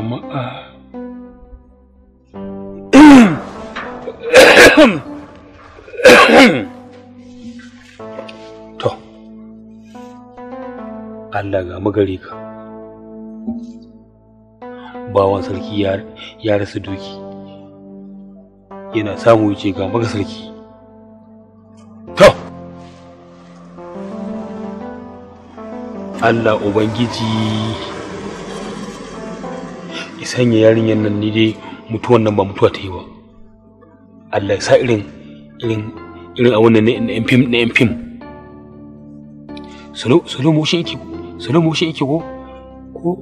jama'a ah. to Allah ga magare ka bawan sarki ya rasa doki yana samu wuce ga maka sarki to Allah Ubangiji sanya yarinyar nan ni dai mutuwan nan ba mutuwa ta yi ba Allah ya sa irin irin irin abun nan na yan na yan Salo Salo mu shi yake Salo mu shi yake ko ko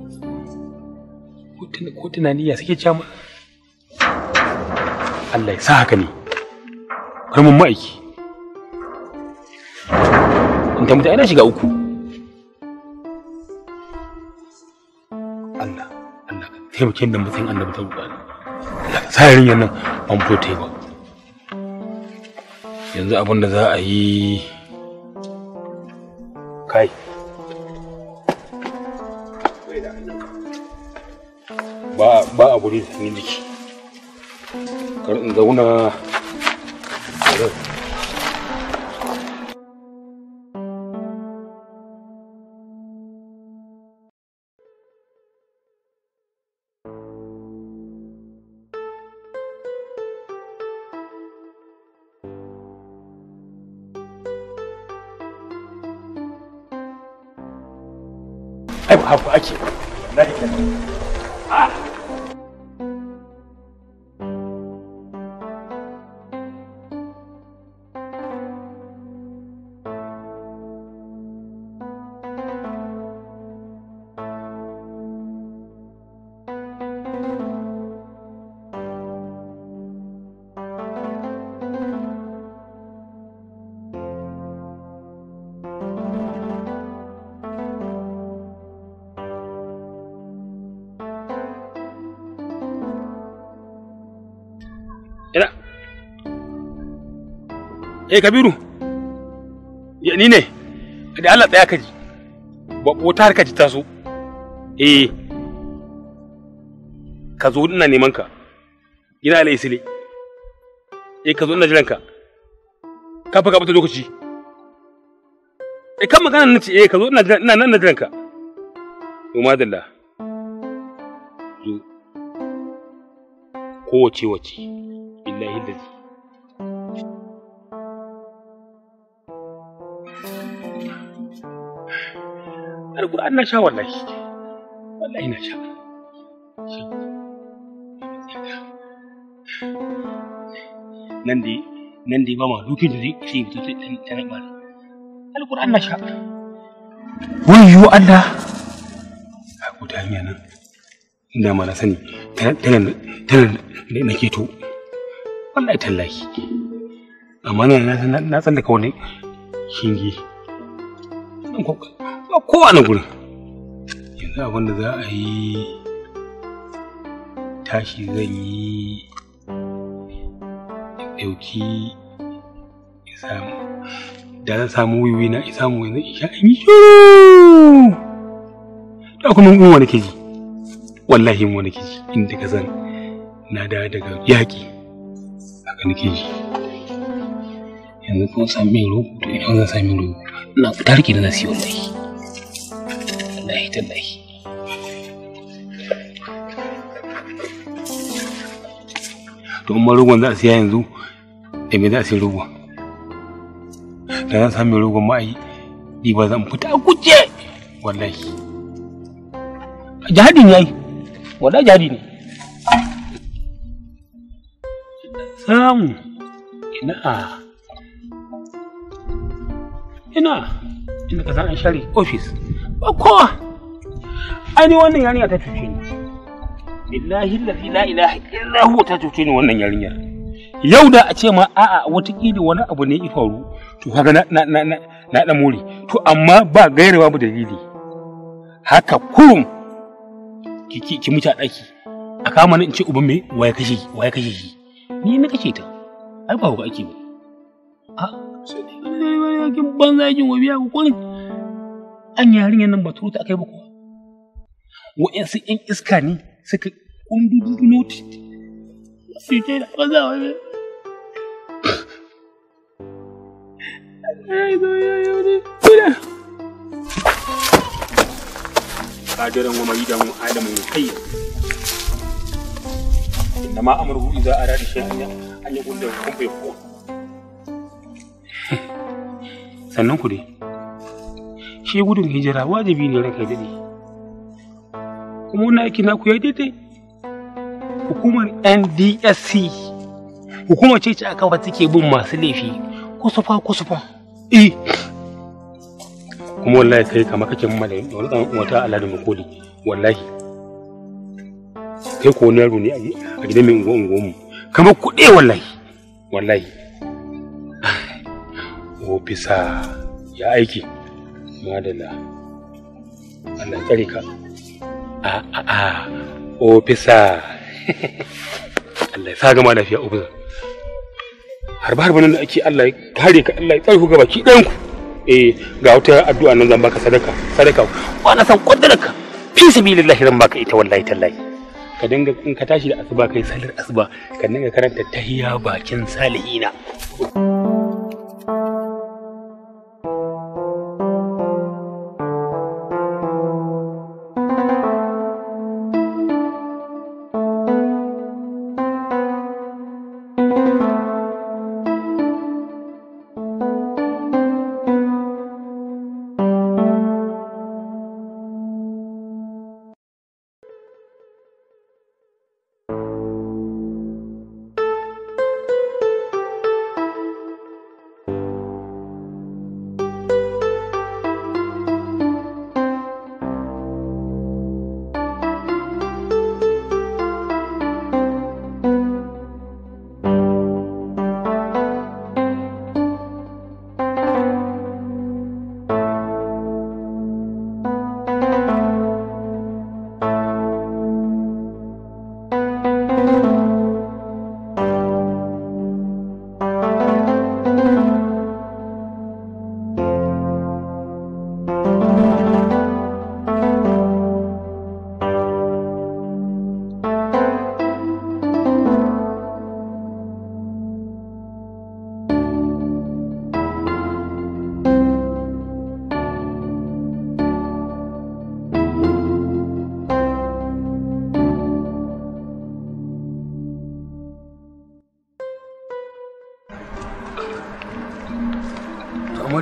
ko tunani ya sake cewa Allah ya sa haka ne kar mun ma'aiki in ta mutu ana shiga uku taimake da mutum annabi ta buƙata tsarin yana an fote ba yanzu abin da za a yi kai ba a guri da jiki kar in zauna ai ba haku ake wallahi kenan ah eh kabiru ya ni ne da Allah tsaya kaji ba wata harka ji taso eh ka zo ina neman ka ina ala isile eh ka zo ina jiran ka ka fa ka bata lokaci eh kan magana nan ce eh ka zo ina ina nan jiran ka to madalla zo kowace wace billahi da alƙur'an na sha wallahi wallahi na sha nan dai nan dai ba ma dukin da zai shi ta ta na bari alƙur'an na sha wayyo Allah a guda hanya nan Ina ma na sani tana tana na keto wallahi tallahi amma na na tsallaka wani shinge ba kowa na yanzu abin da za a yi tashi zan yi ɗauki isamu, da zan samu wiwi na ya yanzu isha in yi shiru da kuma in wani ke wallahi in wani ke ji inda ka na da daga yaƙi haka nake ji yanzu kuma sami rogo to ina zan sami rogo ina fitar ki da nasi wallahi wallahi tallahi to kuma rogon za a siya yanzu da me za a a wallahi jihadi ne ai wallahi jihadi ne samu ina ina inda ka an share office ba ani wannan yarinya ta cuce ni billahi lafi la ilaha illa ta cuce ni wannan yarinyar yau da a ce ma a'a watakili wani abu ne ya faru to kaga na na na na da muri to amma ba gairawa babu dalili haka kurum ki ki ki muta daki a kama ni in ce uban me waye kashe ki waye kashe ki ni na kashe ta ai ba ku ake ba a sai ne ga yakin banza yakin wabiya ku kurin an yarinyar nan ba turu akai ba ko wa'yansu ‘yan iska ne suka ƙundudu noti. Su ce da maza wani. Ai, zo ya yi wani kuna. Ƙadirin wa mai damu Adamu ya kai. inda ma hudu za a rada shi hanya an yi kuma bai kuwa. Sannan ku dai, shi gudun hijira wajibi ne raka dade kuma wannan aiki naku ya daidai hukumar ndsc hukumar ce ce aka ba take bin masu laifi kusufa kusufa eh kuma wallahi kai kama kake mamma da wani dan wata aladun makoli wallahi kai ko wani yaro ne a gidan mai unguwa unguwa mu kamar kuɗe wallahi wallahi ofisa ya aiki madalla Allah tsare ka a a a ofisa Allah ya sa gama lafiya ofisa harba harba nan da ake Allah ya kare ka Allah ya tsare ga baki ɗayan ku eh ga wata addu'a nan zan baka sadaka sadaka ba na san kwaddarka fi sabilillahi zan baka ita wallahi tallahi ka dinga in ka tashi da asuba kai salir asuba ka dinga karanta tahiya bakin salihina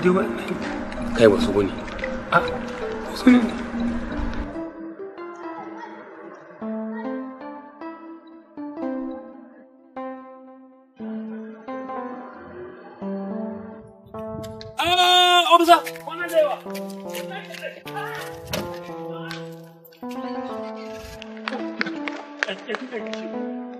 je ba kai wasu gune a ah, wasu ne Thank ah, you.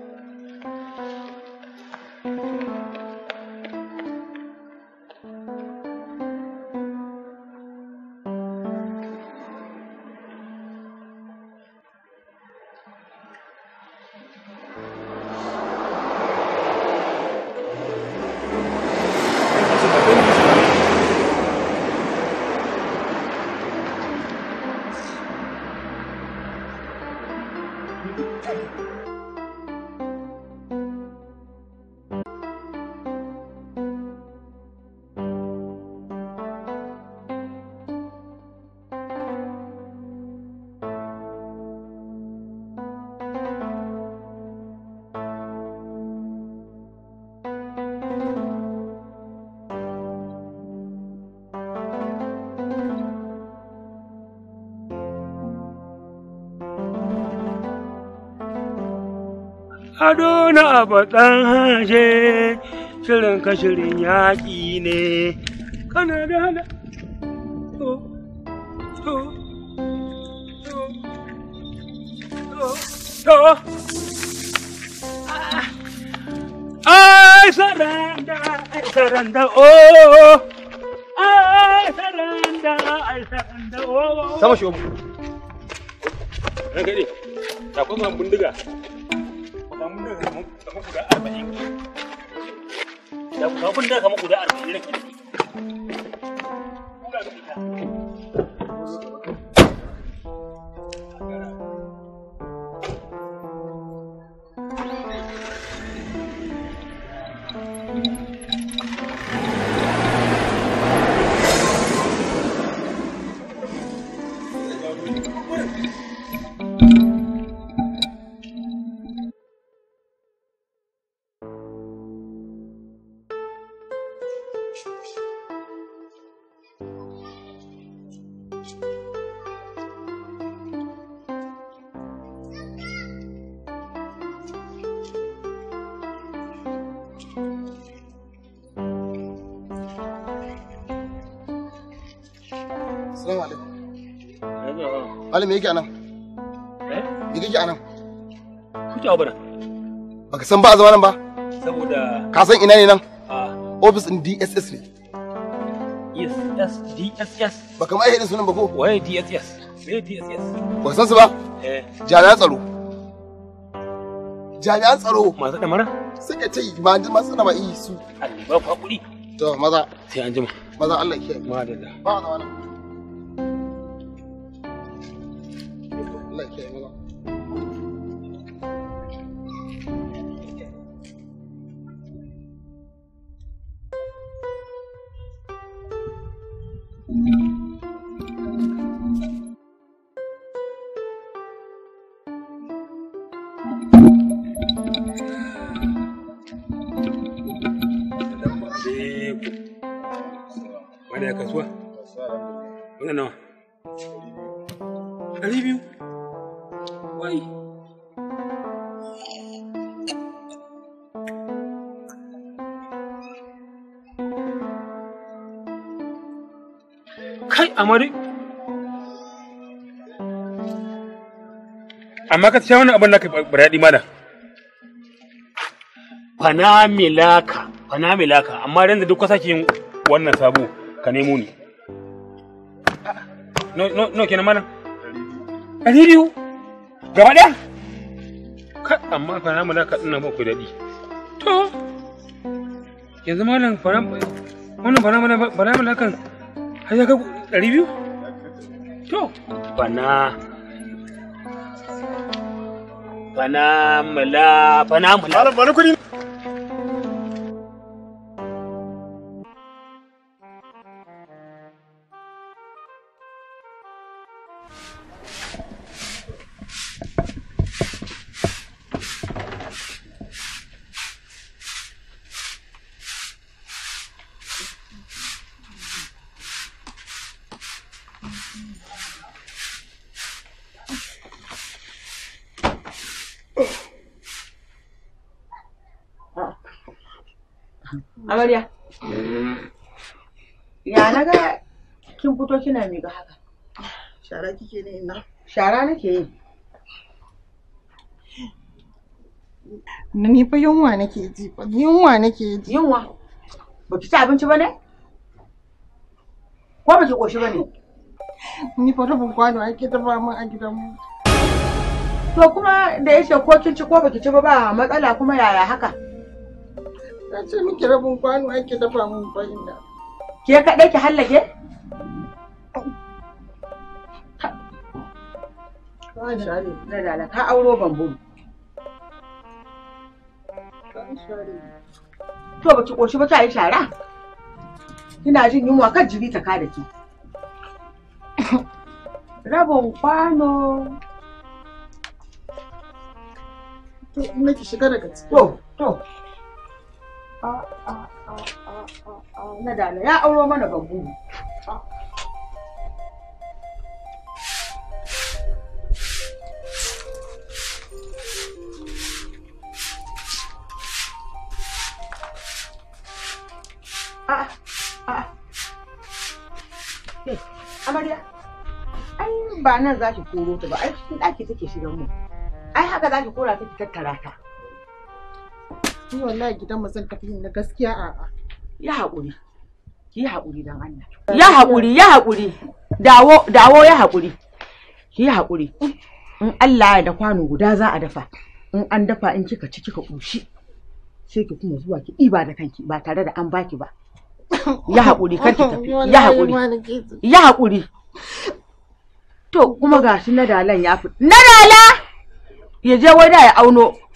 ado na abadan hashe shirin ka shirin yaƙi ne kana da hada to to to ai saranda ai saranda o oh. ai saranda ai saranda o oh. sama shi obu ran gade ta kuma bindiga samu nan kamar kamar guda arba'in da kafin da kamar guda arba'in rake da ke. Kuka ga ita. Assalamu alaikum. Malam yake anan? Eh? Me kake anan? Kuke obara. Baka san ba a zama nan ba? Saboda Ka san ina ne nan? Ah. Office din DSS ne. Yes, DSS DSS. Baka ma irin sunan ba ko? Waye DSS? Me DSS? Ba san su ba? Eh. Jami'an tsaro. Jami'an tsaro. Masu damara? Suka ce ma masu damara eh, su. Allah ba ku hakuri. To maza. Sai an jima. Maza Allah ya kiyaye. Madalla. Ba zama nan. Allah ya Wai. Kai amari. Amma ka sha wani abin da ka daɗi mana. Fana milaka, fana milaka, amma yanzu duk ka ke yin wannan sabo ka nemo ni. Ah. No, no, no kenan mana? Ɗari biyu. gaba ɗaya amma fara mulaka ina ba ku daɗi to yanzu malam fara wannan fara fara mulakan har ya kai ɗari biyu to bana bana mula bana mula bana kuɗi Amarya. Ya na ga kin fito kina miƙa haka. Shara kike ne ina? Shara nake yi. Ni fa yunwa nake ji, yunwa nake ji. Yunwa? Ba ki ci abinci ba ne? Ko ba ki ƙoshi ba ne? Ni fa rufin kwano ake dafa min a gidanmu. To kuma da yake ko kin ci ko baki ci ba ba matsala kuma yaya haka? Na ce miki rabin kwano ake dafa mun farin da. Ke kaɗai ki hallake? Ka auro bambun. To baki ƙoshi ba ta yi shara? Kina jin yunwa kan jiri ta kada ki. Rabin kwano. To, ki shiga daga ciki. To, to. Na dala ya auro mana babu. Ah, ah. ai ba nan za ki koro ta ba, ai cikin ɗaki take shigan mu. Ai haka za ki kora ta ki tattara ta. ni wallahi gidan mu zan tafi na gaskiya a. ya haƙuri ki haƙuri dan Allah ya haƙuri ya haƙuri dawo dawo ya haƙuri ki yi haƙuri in Allah ya da kwano guda za a dafa in an dafa in kika ci kika ƙoshi sai ki kuma zuwa ki ɗiba da kanki ba tare da an baki ba ya haƙuri kar ki tafi ya haƙuri ya haƙuri to kuma gashi na dalan ya fi na dala ya je wani ya auno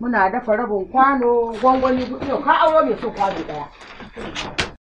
muna dafa rabin kwano gwangwani yau ka aure mai so kwano daya